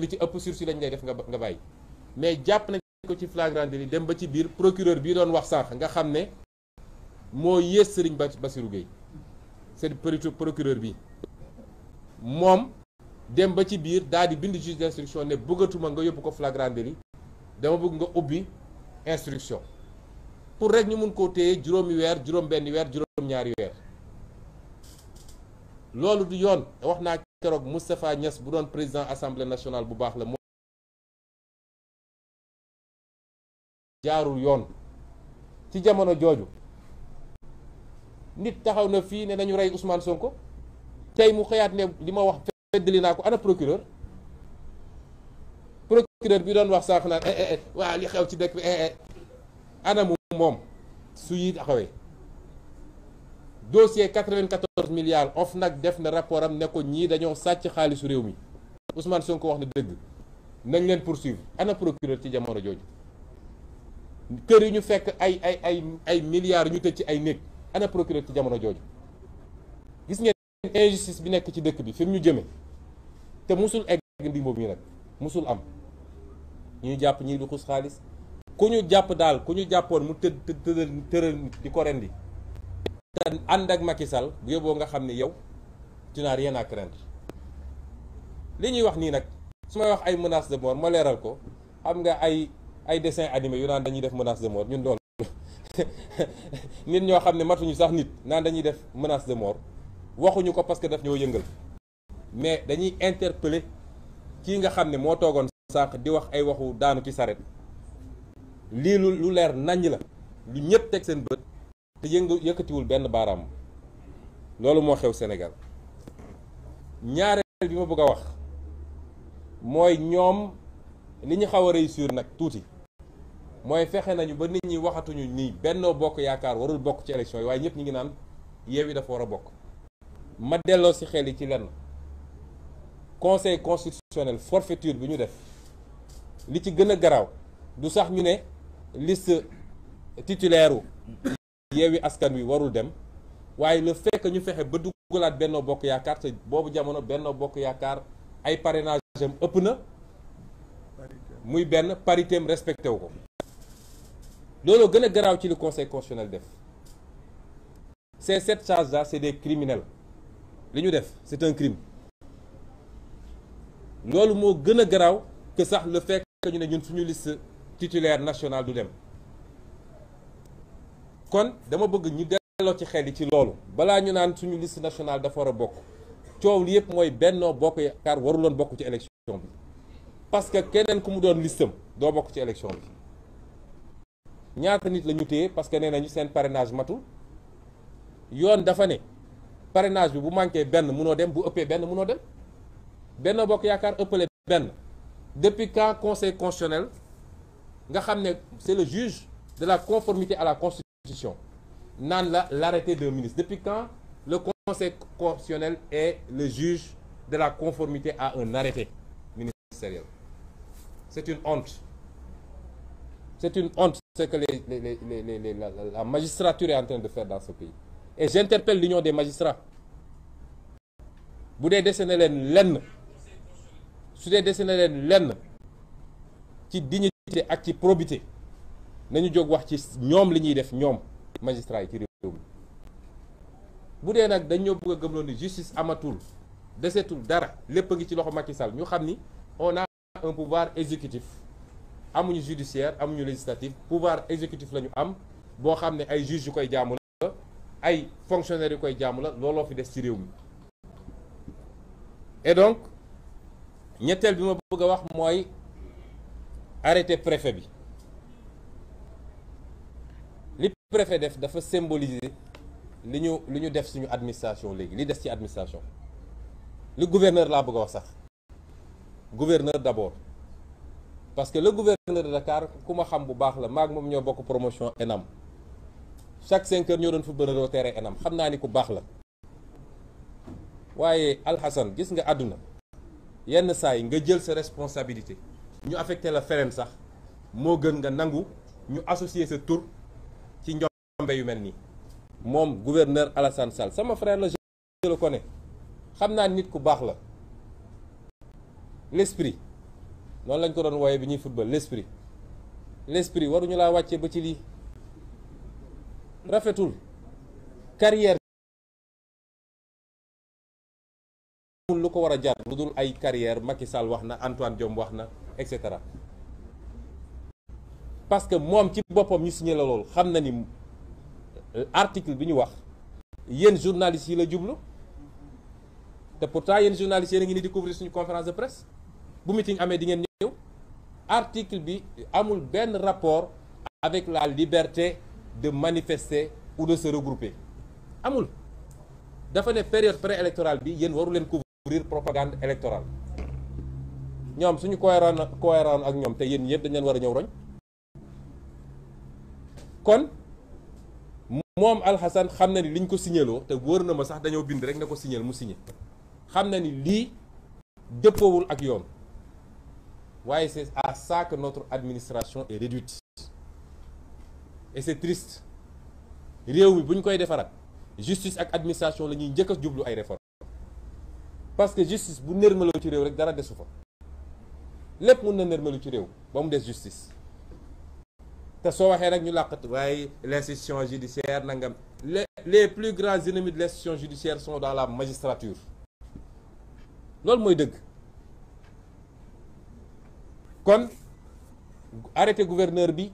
li ci ëpp sursis lañ lay def nga nga bàyyi mais jàpp nañ ko ci flagrant délit dem ba ci biir procureur bii doon wax sànq nga xam ne moo yées Serigne Bassirou Gueye c'est procureur bi moom dem ba ci biir daal di bind juge d'instruction ne bëggatuma nga yóbbu ko flagrant li dama bëgg nga ubbi instruction pour rek ñu mën koo téye juróomi weer juróom benn weer juróom ñaari weer loolu du yoon wax naa keroog Moustapha Niass bu doon président assemblée nationale bu baax la moo jaarul yoon ci jamono jooju nit taxaw na fii ne nañu rey Ousmane Sonko tey mu xëyaat ne li ma wax feddali naa ko ana procureur procureur bi doon wax sànq naan eh, eh, eh, waa li xew ci dëkk bi moom su yi taxawee dossier 94 milliards OFNAC def na rapport am ne ko ñii dañoo sàcc xaalisu réew mi Ousmane Sonko wax na dëgg nañ leen poursuivre ana procureur ci jamono jooju kër yu ñu fekk ay ay ay ay milliards ñu tëj ci ay néeg ana procureur ci jamono jooju gis ngeen injustice bi nekk ci dëkk bi fi ñu jëmee te musul egg ndimbo bi nag mosul am ñuy jàpp ñiy luxus xaalis ku ñu jàpp daal ku ñu jàppoon mu tëdd tëdd tëral di ko rendi te ànd ak Macky Sall bu yóbboo nga xam ne yow tu n'as rien à craindre li ñuy wax nii nag su may wax ay menace de mort ma leeral ko xam nga ay ay dessin animé yu naan dañuy def menace de moor ñun loolu nit ñoo xam ne matuñu sax nit naan dañuy def menace de mort waxuñu ko parce que daf ñoo yëngal mais dañuy interpeller kii nga xam ne moo toogoon sànq di wax ay waxu daanu ci saret lii lu lu leer naññ la lu ñëpp teg seen bët te yëngu yëkkatiwul benn baaraam loolu moo xew Sénégal ñaareel bi ma bëgg wax mooy ñoom li ñu xaw a réussir nag tuuti mooy fexe nañu ba nit ñi waxatuñu nii Benno Bokk Yaakaar warul bokk ci élection waaye ñëpp ñi ngi naan Yewwi dafa war a bokk ma delloo si xel yi ci lenn conseil constitutionnel forfaiture bi ñu def li ci gën a garaaw du sax ñu ne liste titulaire yeewi askan wi warul dem waaye la fekk ñu fexe ba dugalaat Benno Bokk Yaakaar te boobu jamono Benno Bokk Yaakaar ay parrainage ëpp na muy benn paritem am respecté wu ko looloo gën a garaaw ci li conseil constitutionnel def ces sept charges là est des criminels li ñu def est un crime loolu moo gën a garaaw que sax la fait que ñu ne ñun suñu liste titulaire national du dem kon dama bëgg ñu delloo ci xel yi ci loolu balaa ñu naan suñu liste nationale dafa war a bokk coow li yëpp mooy Benno Bokk Yaakaar waruloon bokk ci élection bi parce que keneen ku mu doon listam doo bokk ci élection bi ñaata nit la ñu téye parce que nee nañu seen parrainage matul yoon dafa ne parenage bi bu manqué benn munoo dem bu ëppee benn munoo dem Benno Bokk Yaakaar ëppale benn depuis quand conseil constitutionnel nga xam ne c'est le juge de la conformité à la position naan la l'arrêté d'un ministre depuis quand le conseil constitutionnel est le juge de la conformité à un arrêté ministériel c'est une honte c'est une honte ce que les, les, les, les la, magistrature est en train de faire dans ce pays et j'interpelle l'union des magistrats bu dee dese na leen lenn su dee dese na leen lenn ci dignité ak ci probité nañu jóg wax ci ñoom li ñuy def ñoom magistrat yi ci réew mi bu dee nag dañ ñoo bëgg a gëmloo ni justice amatul desetul dara lépp a ngi ci loxo Macky sal ñu xam ni on a un pouvoir amuñu judiciaire amuñu législatif pouvoir exécutif la ñu am boo xam ne ay juges yu koy jaamu la ay fonctionnaires yu koy jaamu la looloo fi des ci réew mi et donc ñetteel bi ma bëgg a wax mooy arrêté préfet bi préfet def dafa symboliser li ñu li ñu def suñu administration léegi li des ci administration le gouverneur laa bëgg wax sax gouverneur d'abord parce que le gouverneur de Dakar ku ma xam bu baax la maag moom ñoo bokk promotion ENAM chaque cinq heures ñoo doon footballeur tere ENAM xam naa ni ku baax la waaye Alxasan gis nga àdduna yenn saa yi nga jël sa responsabilité ñu affecté la feneen sax moo gën nga nangu ñu associer sa tur tombe yu mel nii moom gouverneur Alassane Sall sama frère la je le connais xam naa nit ku baax la l'esprit noonu lañ ko doon wooye bi ñuy football l'esprit l'esprit ñu laa wàccee ba ci lii rafetul carrière amul lu ko war a jar lu dul ay carrière Macky Sall wax na Antoine Diome wax na et cetera que moom ci boppam ñu signé la loolu xam na ni Euh, article bi ñu wax yéen journalistes yi la jublu te pourtant yéen journalistes yi a ngi ni di couvrir suñu conférence de presse bu meeting amee di ngeen ñëw article bi amul benn rapport avec la liberté de manifester ou de se regrouper amul dafa ne période préélectorale bi yéen waru leen couvrir propagande électorale ñoom suñu cohérent cohérent ak ñoom te yéen ñëpp dañ leen war a ñëw roñ kon moom Alxasan xam na ni liñ ko signaloo te wóor na ma sax dañoo bind rek na ko signal mu signé xam na ni lii dëppoowul ak yoon waaye c'est à ça que notre administration est réduite et c'est triste réew mi bu koy defaraat justice ak administration la ñuy njëkk jublu ay réformes parce que justice bu nërmaloo ci réew rek dara desu fa lépp mun na nërmalu ci réew ba mu des justice te soo waxee nag ñu làqati waaye les institution judiciaire nangam les les plus grands ennemis de l' institution judiciaire sont dans la magistrature loolu mooy dëgg kon arrêté gouverneur bi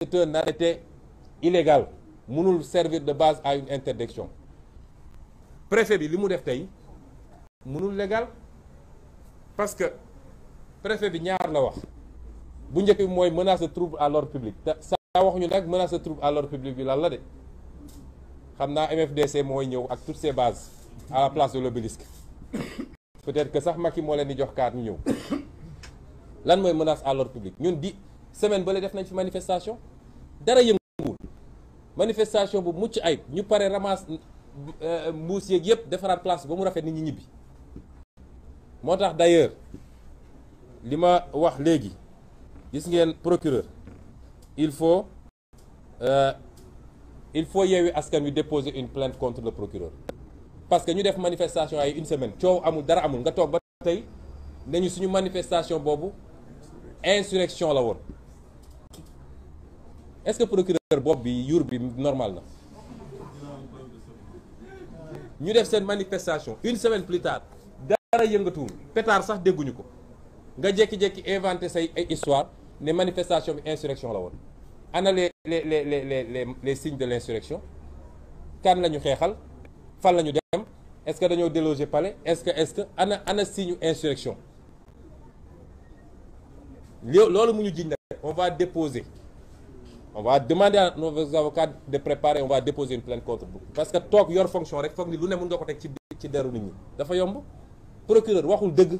c'est un arrêté illégal mënul servir de base à une interdiction préfet bi li mu def tey mënul légal parce que préfet bi ñaar la wax bu njëkk mooy menace de trouble à l'ordre public te saa waxuñu nag menace de trouble à l'ordre public bi lan la de xam naa se mooy ñëw ak toutes ses bases à la place de l'obélisque peut-être que sax Macky moo leen di jox kaat ñu ñëw lan mooy menace à l'ordre public ñun di semaine ba le def nañ fi manifestation dara yënguwul manifestation bu mucc ay ñu pare ramasse euh, mbuus yeeg yëpp defaraat place ba mu rafet nit ñi ñibbi moo tax d'ailleurs li ma wax léegi gis ngeen procureur il faut euh, il faut yeewi askan wi déposer une plainte contre le procureur parce que ñu def manifestation ay une semaine coow amul dara amul nga toog ba tey nañu suñu manifestation boobu insurrection la woon est-ce que procureur bopp bi yur bi normal na ñu def seen manifestation une semaine plus tard dara yëngatuwul pétard sax dégguñu ko nga jékki-jékki inventé say ay histoire ni manifestation bi insurrection la woon ana les les les les les les signes de l' insurrection kan la ñu xeexal fan la ñu dem est ce que dañoo déloger palais est ce que est ce ana ana signe insurrection loolu mu ñu jiñ nag on va déposer on va demander à nos avocats de préparer on va déposer une plainte contre vous parce que toog yor fonction rek foog ni lu ne mun nga ko teg ci ci deru nit ñi dafa yomb procureur waxul dëgg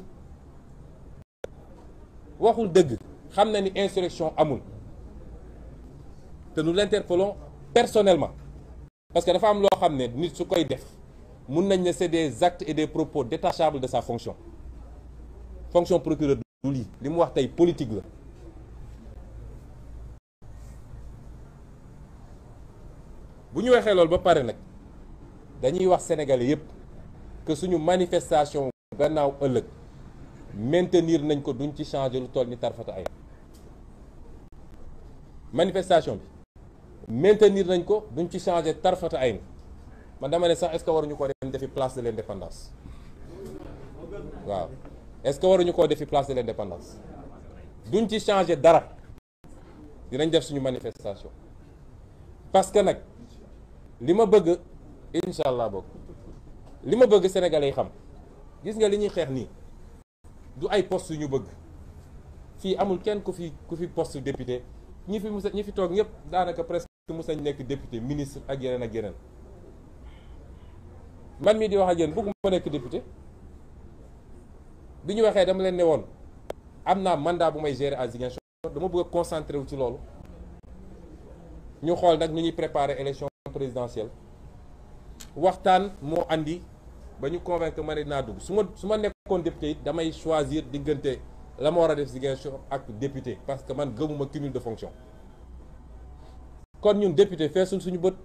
waxul dëgg xam na ni insurrection amul te nous l'interpellons personnellement parce que dafa am loo xam ne nit su koy def mun nañ ne c'est des actes et des propos détachables de sa fonction fonction procureur du lii li mu wax tey politique la bu ñu waxee loolu ba pare nag dañuy wax sénégalais yépp que suñu manifestation gannaaw ëllëg maintenir nañ ko duñ ci changer lu toll ni tarfata ay manifestation bi maintenir nañ ko duñ ci changer tarfata ay man dama ne sax est-ce que waruñu koo dem defi place de l'indépendance waaw est-ce que waruñu koo defi place de duñ ci changer dara dinañ def suñu manifestation parce que nag li ma bëgg incha allah bokk li ma bëgg sénégalais yi xam gis nga li ñuy xeex nii du ay postes yu ñu bëgg fii amul kenn ku fi ku fi poste député ñi fi musa ñi fi toog ñëpp daanaka presque mus nañ nekk député ministre ak yeneen ak yeneen man mii di wax ak yéen bëgguma nekk député bi ñu waxee dama leen ne woon am naa mandat bu may gérer à Ziguinchor dama bëgg a wu ci loolu ñu xool nag ñu ñuy préparer élection présidentielle waxtaan moo indi ba ñu convaincre ma ne naa dugg su ma su ma nekkoon député it damay choisir diggante la ma war a def Ziguinchor ak député parce que man gëmuma cumul de fonction kon ñun député feesul suñu bët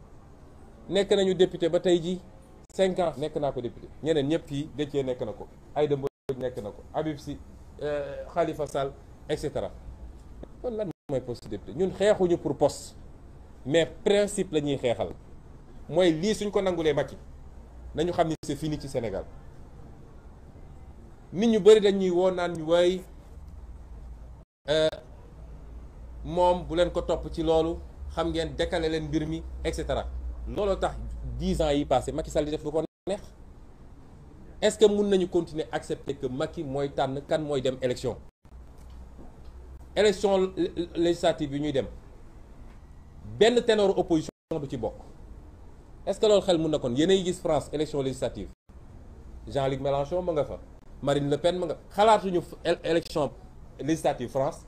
nekk nañu député ba tey ji cinq nekk naa ko député ñeneen ñëpp fii Déthié nekk na ko Aïda Mbodj nekk na ko Habib Sy euh, Khalifa Sall et cetera kon lan mooy poste député ñun xeexuñu pour poste mais principe la ñuy xeexal mooy lii suñ ko nangulee Macky nañu xam ni c'est fini ci Sénégal nit ñu bëri dañuy woo naan Euh, moom bu leen ko topp ci loolu xam ngeen dekkale leen mbir mi et cetera looloo tax dix ans yi passé Macky Sall di def lu ko neex est-ce que mun nañu continuer accepter que Macky mooy tànn kan mooy dem élection élection législative yi ñuy dem benn ténor opposition du ci bokk est-ce que loolu xel mun na kon yéenay gis France élection législative Jean-Luc Mélenchon ma nga fa Marine Le Pen ma nga xalaatuñu élection législative France